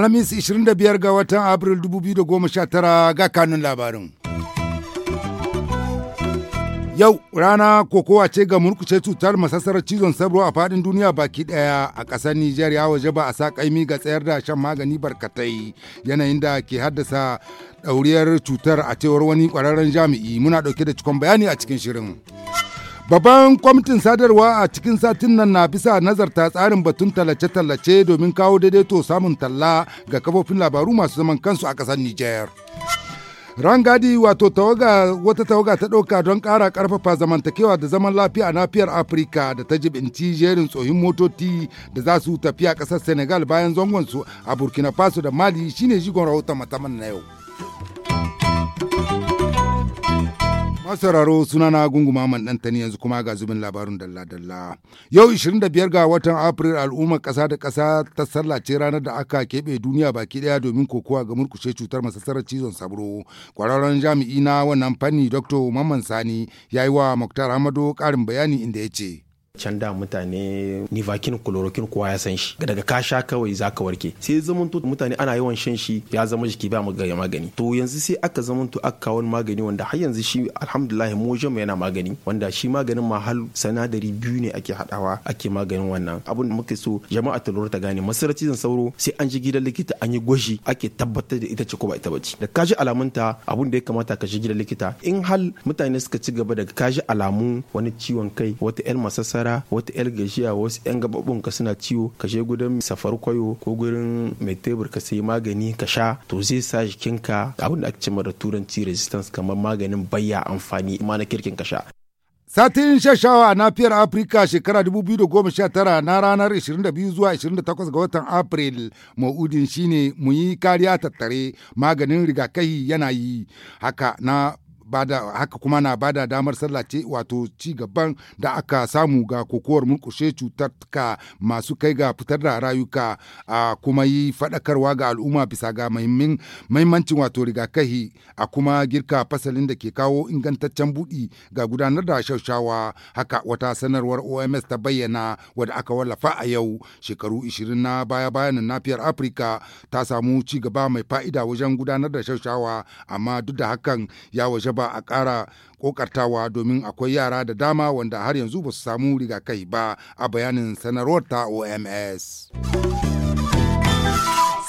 Alhamis 25 ga watan Abril 2019 ga kanun labarin. Yau rana kokowa ce ga murkuce cutar masassarar cizon sabro a fadin duniya baki daya a ƙasar Nijar ya waje ba a sa kaimi ga tsayar da shan magani barkatai yanayin da ke haddasa ɗauriyar cutar a cewar wani ƙwararren jami'i muna ɗauke da cikon bayani a cikin shirin. Babban kwamitin sadarwa a cikin satin nan na bisa nazarta tsarin batun tallace-tallace domin kawo daidaito samun talla ga kafofin labaru masu zaman kansu a ƙasar Nijar. Rangadi wato tawaga wata tawaga ta ɗauka don ƙara ƙarfafa zamantakewa da zaman lafiya a nafiyar Afirka da ta jibinci jerin tsohin motoci da za su tafi a ƙasar Senegal bayan zangon su a Burkina Faso da Mali shine jigon rahoton mataman na yau. sauraro sunana gunguma man tani yanzu kuma ga zubin labarin dalla-dalla. Yau 25 ga watan Afril al'ummar kasa da kasa ta sallace ranar da aka keɓe duniya baki ɗaya domin kokowa ga murkushe cutar masasarar cizon sabro. Kwararren jami'i na wannan fanni Dr. Mamman Sani ya wa Muktar Hamado karin bayani inda ya ce. can da mutane ni nivakin chloroquine kowa ya san shi daga kasha sha kawai zaka warke sai zaman zamanto mutane ana yawan shan shi ya zama jiki ba mu ga magani to yanzu sai aka to aka kawo magani wanda har yanzu shi alhamdulillah mu yana magani wanda shi maganin ma hal sanadari biyu ne ake hadawa ake maganin wannan abin da muke so jama'a ta ta gane masaracin sauro sai an ji gidan likita an yi gwaji ake tabbatar da ita ce ko ba ita bace da ka ji alamunta abun da ya kamata ka ji gidan likita in hal mutane suka ci gaba daga ka ji alamun wani ciwon kai wata yan masasara yara wata yar gajiya wasu yan gababun ka suna ciwo ka je gudan safar kwayo ko gurin mai tebur ka sayi magani ka sha to zai sa jikinka abin da ake cewa da turanci resistance kamar maganin bayya amfani ma na kirkin ka sha Satin shashawa na fiyar Afrika shekara 2019 na ranar 22 zuwa 28 ga watan Afril ma'udin shine mu yi kariya tattare maganin rigakahi yana yi haka na bada haka kuma na bada damar sallace wato ci gaban da aka samu ga kokowar mulkushe cutarka masu kai ga fitar da rayuka a kuma yi faɗakarwa ga al'umma bisa ga mahimmin mahimmancin wato rigakahi a kuma girka fasalin da ke kawo ingantaccen buɗi ga gudanar da shaushawa haka wata sanarwar OMS ta bayyana wadda aka wallafa a yau shekaru 20 na baya na nafiyar Afirka ta samu ci gaba mai fa'ida wajen gudanar da shaushawa amma duk da hakan ya waje ba a ƙara ƙoƙartawa domin akwai yara da dama wanda har yanzu ba su samu rigakai ba a bayanin sanarwar ta OMS.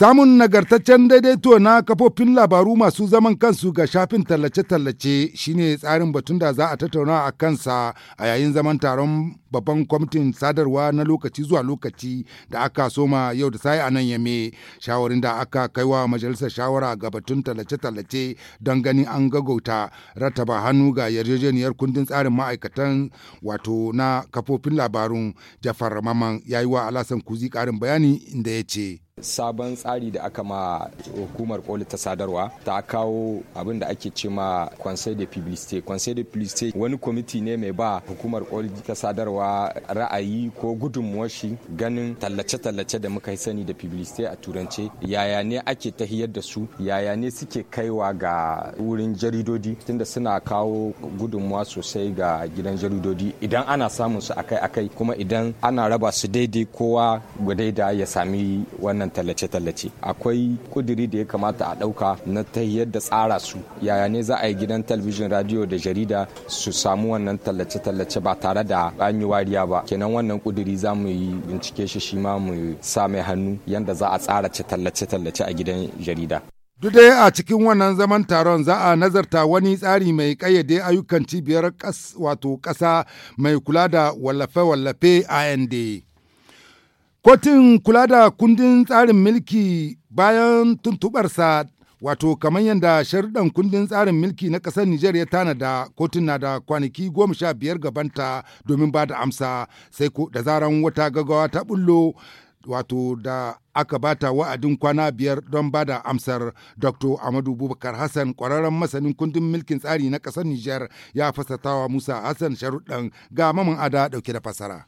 Samun nagartaccen daidaito na kafofin labaru masu zaman kansu ga shafin tallace-tallace shine tsarin batun da za a tattauna a kansa a yayin zaman taron babban kwamitin sadarwa na lokaci zuwa lokaci da aka soma yau da sai a nan yame shawarin da aka kaiwa majalisar shawara ga batun tallace-tallace don ganin an gagauta rattaba hannu ga yarjejeniyar kundin tsarin ma'aikatan wato na kafofin labarun jafar maman yayi wa alasan kuzi karin bayani inda ya ce. sabon tsari da aka ma hukumar koli ta sadarwa ta kawo abin da ake ce ma conseil de publicité conseil de publicité wani kwamiti ne mai ba hukumar koli ta sadarwa ra'ayi ko gudunmuwashi ganin tallace-tallace da muka yi sani da publicité a turance yaya ne ake tahiyar da su yaya ne suke kaiwa ga wurin jaridodi tunda suna kawo gudunmuwa sosai ga gidan jaridodi idan ana samun su akai-akai kuma idan ana raba su daidai kowa da ya sami wannan tallace-tallace akwai kudiri da ya kamata a ɗauka na ta yadda tsara su yaya ne za a yi gidan talabijin radio da jarida su samu wannan tallace-tallace ba tare da an wariya ba kenan wannan kudiri za mu yi bincike shi shi ma mu sa mai hannu yadda za a tsara tallace-tallace a gidan jarida Duk dai a cikin wannan zaman taron za a nazarta wani tsari mai kayyade ayyukan cibiyar wato ƙasa mai kula da wallafe-wallafe ind. Kotun kula da kundin tsarin milki bayan tuntubarsa wato kamar yadda sharuɗan kundin tsarin milki na ƙasar Nijar ya tanada kotun na da kwanaki goma sha biyar gabanta domin ba da amsa sai ko da zaran wata gaggawa ta bullo wato da aka bata wa'adin kwana biyar don ba da amsar dr amadu bubakar hassan kwararren masanin kundin milkin tsari na ƙasar nijar ya fasatawa musa hassan sharuɗan ga maman ada dauke da fasara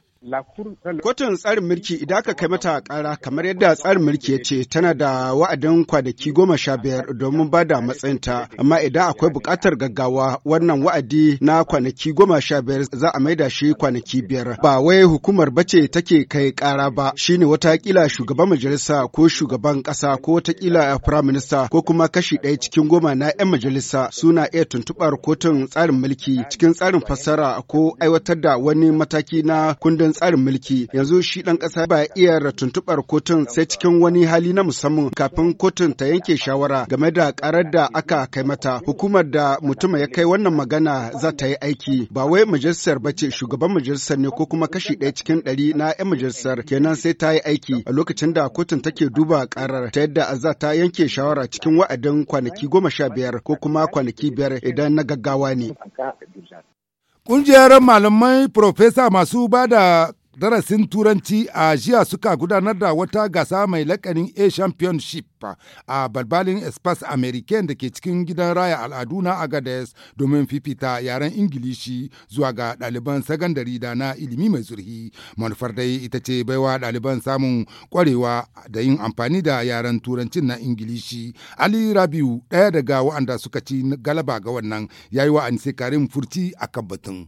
Kotun tsarin mulki idan aka kai mata kara kamar yadda tsarin mulki ya ce tana da wa'adin kwanaki goma sha biyar domin ba da matsayinta amma idan akwai buƙatar gaggawa wannan wa'adi na kwanaki goma sha biyar za a maida shi kwanaki biyar ba wai hukumar bace take kai kara ba shine watakila shugaban majalisa ko shugaban kasa ko watakila prime minista ko kuma kashi ɗaya cikin goma na 'yan majalisa suna iya tuntuɓar kotun tsarin mulki cikin tsarin fassara ko aiwatar da wani mataki na kundin tsarin mulki yanzu shi ɗan ƙasa ba iya tuntuɓar kotun sai cikin wani hali na musamman kafin kotun ta yanke shawara game da ƙarar da aka kai mata hukumar da mutum ya kai wannan magana za ta yi aiki ba wai majalisar ba ce shugaban majalisar ne ko kuma kashi ɗaya cikin ɗari na 'yan majalisar kenan sai ta yi aiki a lokacin da kotun take duba ƙarar ta yadda za ta yanke shawara cikin wa'adin kwanaki goma sha biyar ko kuma kwanaki biyar idan na gaggawa ne. kungiyar malamai Profesa masu bada. darasin turanci a jiya suka gudanar da wata gasa mai lakanin a championship a balbalin espas american da ke cikin gidan raya al'adu na agades domin fifita yaren ingilishi zuwa ga ɗaliban sagandari da na ilimi mai zurhi manufar dai ita ce baiwa ɗaliban samun kwarewa da yin amfani da yaren turancin na ingilishi ali rabiu ɗaya daga waɗanda suka ci galaba ga wannan yayi wa karim furci a kan batun.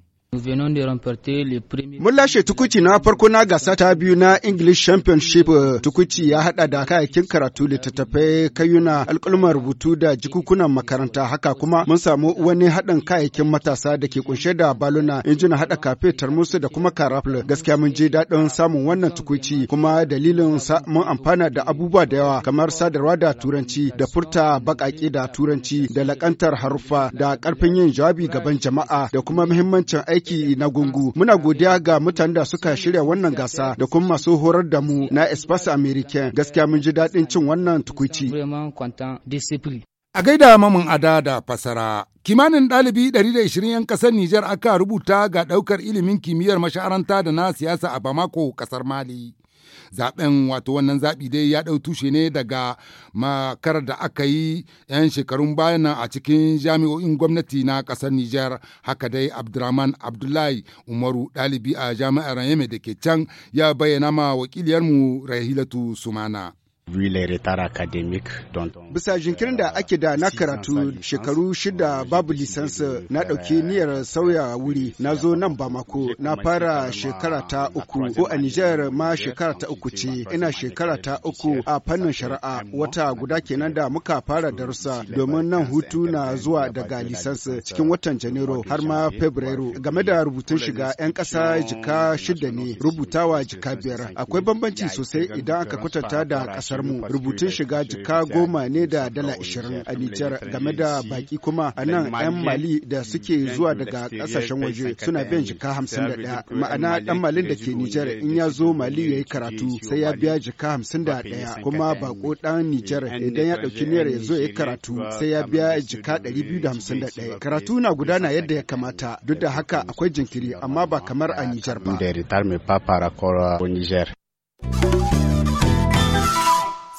Mun lashe tukuci na farko na gasa ta biyu na English Championship tukuci ya hada da kayakin karatu littattafai kayuna alƙalmar rubutu da jikukunan makaranta haka kuma mun samu wani haɗin kayayyakin matasa da ke kunshe da baluna injina hada kafe tarmusu da kuma karafle gaskiya mun je dadin samun wannan tukuci kuma dalilin sa mun amfana da abubuwa da yawa kamar sadarwa da turanci da furta baƙaƙe da turanci da lakantar haruffa da karfin yin jawabi gaban jama'a da kuma muhimmancin aiki aiki na gungu. Muna godiya ga mutanen da suka shirya wannan gasa da kuma masu horar da mu na Espace American. Gaskiya mun ji daɗin cin wannan tukuici. A gaida mamun ada da fasara, kimanin ɗalibi 120 'yan ƙasar Nijar aka rubuta ga ɗaukar ilimin kimiyyar masharanta da na siyasa a Bamako, ƙasar Mali. zaben wato wannan zabi dai ya dau tushe ne daga makar da aka yi 'yan shekarun bayan nan a cikin jami'o'in gwamnati na ƙasar Nijar haka dai Abdurrahman Abdullahi Umaru dalibi a jami'ar Yame da ke can ya bayyana ma wakiliyar mu Rahilatu Sumana. Bisa jinkirin da ake da na karatu shekaru shida babu lisansa na ɗauki euh, niyyar sauya wuri na zo nan bamako, na fara shekara ta uku ko a Nijar ma shekara ta uku ce ina shekara ta uku a fannin shari'a wata guda kenan da muka fara darussa domin nan hutu na zuwa daga lisansa cikin watan Janairu euh, har ma Fabrairu game da rubutun shiga 'yan ƙasa jika shida ne rubutawa jika biyar akwai bambanci sosai idan aka kwatanta da ƙasa kasar mu rubutun shiga jika goma ne da dala ashirin a Nijar game da baki kuma a nan 'yan Mali da suke zuwa daga kasashen waje suna biyan jika hamsin da ɗaya ma'ana dan Malin da ke Nijar in ya zo Mali ya yi karatu sai ya biya jika hamsin da ɗaya kuma bako dan Nijar idan ya ɗauki naira ya zo ya yi karatu sai ya biya jika ɗari biyu da hamsin da ɗaya karatu na gudana yadda ya kamata duk da haka akwai jinkiri amma ba kamar a Nijar ba.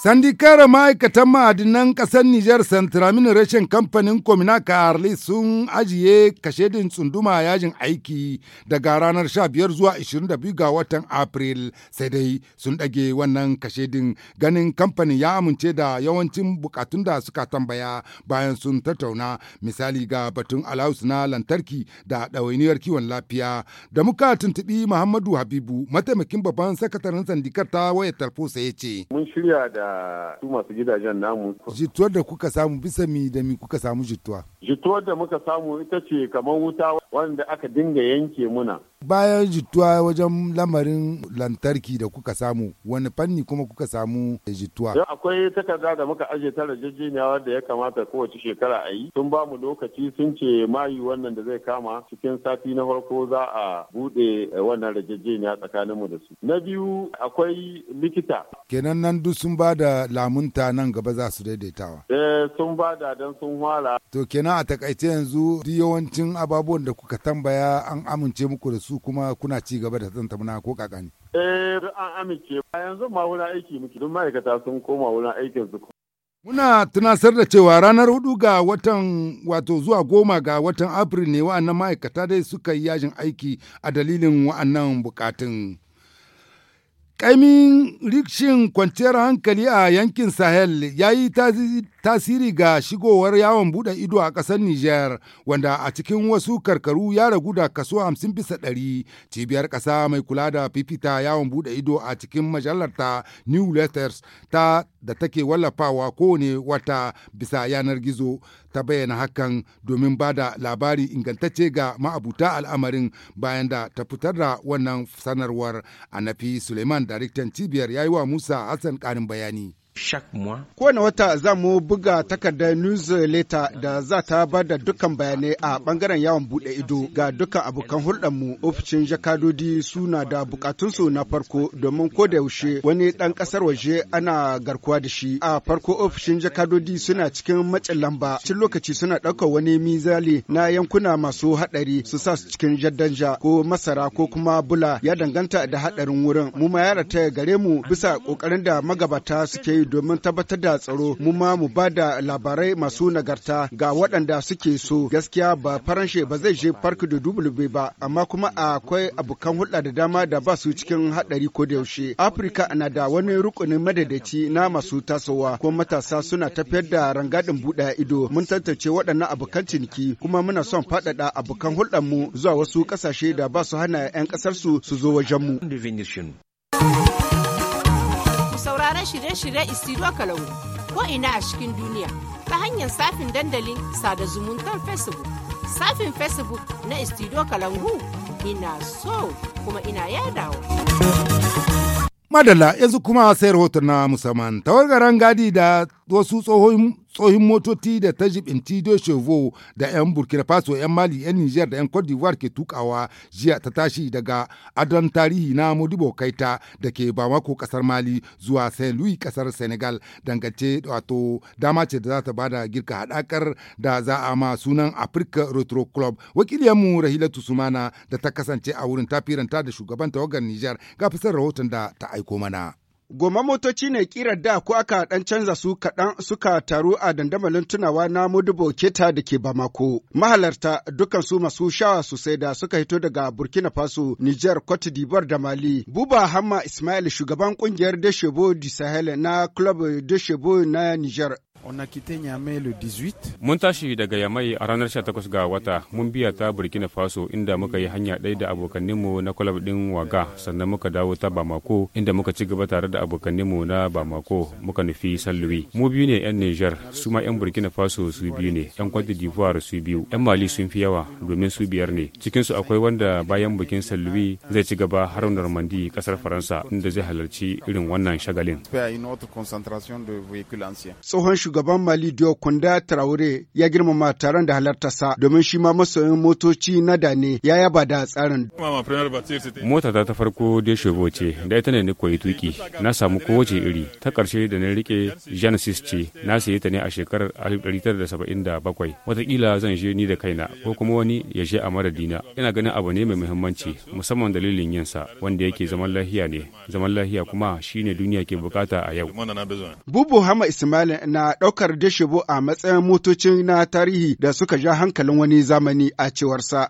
Sandi kare ma'aikatan ma'adinan ƙasar Nijar Santramin rashin kamfanin Kominaka Arli sun ajiye kashedin tsunduma yajin aiki daga ranar 15 zuwa 22 ga watan April sai dai sun ɗage wannan kashedin ganin kamfanin ya amince da yawancin bukatun da suka tambaya bayan sun tattauna misali ga batun alaus na lantarki da ɗawainiyar kiwon lafiya da muka tuntuɓi Muhammadu Habibu mataimakin babban sakataren sandikar ta waya tarfo ya ce. Mun shirya da su masu gidajen namu. Jituwar da kuka samu bisa mi da mi kuka samu jituwa? Jituwar da muka samu ita ce kamar wuta wanda aka dinga yanke muna. bayan jituwa wajen lamarin lantarki da kuka samu wani fanni kuma kuka samu jituwa yau akwai takarda da muka ajiye ta rajajjeniya da ya kamata kowace shekara a yi sun ba mu lokaci sun ce mayu wannan da zai kama cikin sati na farko za a bude wannan rajajjeniya tsakanin mu da su na biyu akwai likita kenan nan duk sun ba da lamunta nan gaba za su daidaitawa eh sun ba da dan sun hwara to kenan a takaice yanzu duk yawancin ababuwan da kuka tambaya an amince muku da su su kuma kuna ci gaba da tantamna ko kakani. Eh an amince a yanzu ma wurin aiki muke don ma'aikata sun koma wurin aikin su. Muna tunasar da cewa ranar hudu ga watan wato zuwa goma ga watan Afril ne wa'annan ma'aikata dai suka yi yajin aiki a dalilin wa'annan bukatun. kaimin rikshin kwanciyar hankali a yankin Sahel ya yi tasiri ga shigowar yawon bude ido a ƙasar Nijar, wanda a cikin wasu karkaru ya ragu da kaso 50 bisa ɗari. Cibiyar ƙasa mai kula da fifita yawon bude ido a cikin majalarta New Letters ta da take wallafawa kowane wata bisa yanar gizo ta bayyana hakan domin ba da labari ingantacce ga ma'abuta al'amarin bayan da ta fitar da wannan sanarwar a nafi suleiman daraktan cibiyar yayi wa musa hassan karin bayani Kowane wata za mu buga takardar newsletter da za ta ba da dukkan bayanai a bangaren yawon bude ido ga dukkan abokan hulɗarmu ofishin jakadodi suna da bukatunsu na farko domin ko da yaushe wani ɗan ƙasar waje ana garkuwa da shi a farko ofishin jakadodi suna cikin matsin lamba cikin lokaci suna ɗaukar wani mizali na yankuna masu haɗari su sa su cikin jaddanja ko masara ko kuma bula ya danganta da haɗarin wurin mu ma ya rataya gare mu bisa ƙoƙarin da magabata suke yi domin tabbatar da tsaro mu ma mu ba da labarai masu nagarta ga waɗanda suke so gaskiya ba faranshe ba zai je park da dublube ba amma kuma akwai abokan hulɗa da dama da ba su cikin haɗari ko da yaushe afirka na da wani rukunin madadaci na masu tasowa kuma matasa suna tafiyar da rangadin buɗe ido mun tantance waɗannan abokan ciniki kuma muna son faɗaɗa abokan hulɗarmu zuwa wasu ƙasashe da ba su hana 'yan ƙasarsu su zo wajenmu. shirye-shirye isiro kalangu ko ina a cikin duniya ta hanyar safin dandalin sada zumuntar facebook safin facebook na isiro kalangu ina so kuma ina yadawa madalla yanzu kuma sai rahoton na musamman tawargaran gadi da wasu tsohon motoci da ta jibinci do shevo da 'yan burkina faso 'yan mali 'yan niger da 'yan cote d'ivoire ke tukawa jiya ta tashi daga adon tarihi na modibo kaita da ke bamako kasar mali zuwa saint louis kasar senegal dangance wato dama ce da za ta bada girka hadakar da za a ma sunan africa retro club wakiliyanmu rahila tusumana da ta kasance a wurin tafiranta da shugaban tawagar niger ga fasar rahoton da ta aiko mana. Goma motoci ne kirar da ko aka ɗan canza su kaɗan suka taru a dandamalin tunawa na Mudubo Keta da ke Bamako. Mahalarta dukkan su masu shawa sosai da suka hito daga Burkina Faso, Niger, Cote d'Ivoire da Mali. Buba Hamma Ismail shugaban kungiyar Deshebo du Sahel na Club Deshebo na Niger Mun tashi daga Yamai a ranar 18 ga wata mun biya ta Burkina Faso inda muka yi hanya ɗaya da abokaninmu na kwalab ɗin Waga sannan muka dawo ta Bamako inda muka ci gaba tare da abokaninmu na Bamako muka nufi San Louis. Mu biyu ne 'yan Niger su ma 'yan Burkina Faso su biyu ne 'yan Cote d'Ivoire su biyu 'yan Mali sun fi yawa domin su biyar ne. cikin su akwai wanda bayan bikin San Louis zai ci gaba har Normandy kasar Faransa inda zai halarci irin wannan shagalin. Tsohon shugaban Mali Diyo Kunda Traore ya girmama taron da sa domin shi ma masoyin motoci na dane ne ya yaba da tsarin. Mota ta ta farko da shobo ce, da ita ne ni koyi tuki, na samu kowace iri, ta ƙarshe da na rike Genesis ce, na sayi ta ne a shekarar 1977, watakila zan je ni da kaina ko kuma wani ya je a maradina. Ina ganin abu ne mai muhimmanci, musamman dalilin yinsa wanda yake zaman lahiya ne, zaman lahiya kuma shine duniya ke bukata a yau. Bubu Hama Ismail na ɗaukar deshebo a matsayin motocin na tarihi da suka ja hankalin wani zamani a cewarsa.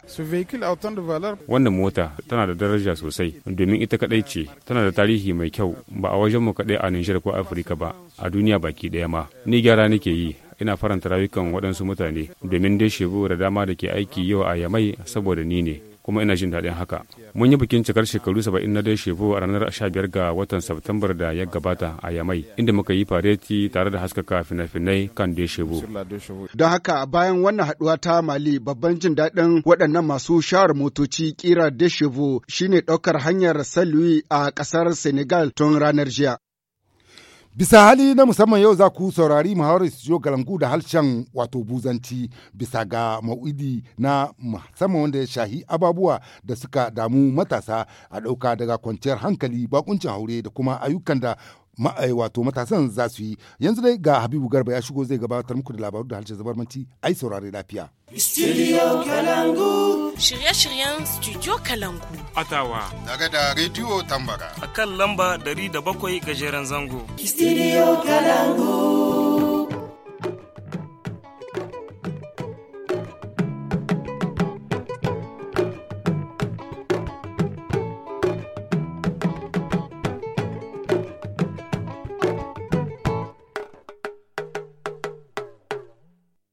Wannan mota tana da daraja sosai domin ita kaɗai ce tana da tarihi mai kyau ba a wajenmu kaɗai a Nijar ko Afirka ba a duniya baki ɗaya ma. Ni gyara nake yi ina faranta rayukan waɗansu mutane domin dai da dama da ke aiki yau a yamai saboda ni ne. kuma ina jin daɗin haka mun yi bikin cikar shekaru saba'in na dai shebu a ranar 15 ga watan Satumbar da ya gabata a Yamai inda muka yi fareti tare da haskaka fina-finai kan dai shebu. Don haka bayan wannan haɗuwa ta Mali babban jin daɗin waɗannan masu shawar motoci kira dai shebu shine ɗaukar hanyar salwi a ƙasar Senegal tun ranar jiya. Bisa hali na musamman yau za ku saurari muhawarar studio galangu da harshen wato buzanci bisa ga ma'u'idi na musamman wanda ya shahi ababuwa da suka damu matasa a ɗauka daga kwanciyar hankali bakuncin haure da kuma ayyukan da Eh, wato matasan za su yi yanzu dai ga habibu garba ya shigo zai gabatar muku da labaru da harshen zabarmanci ai saurare lafiya studio kalangu shirye-shiryen studio kalangu atawa daga da rediyo tambara akan lamba 700 gajeren zango studio kalangu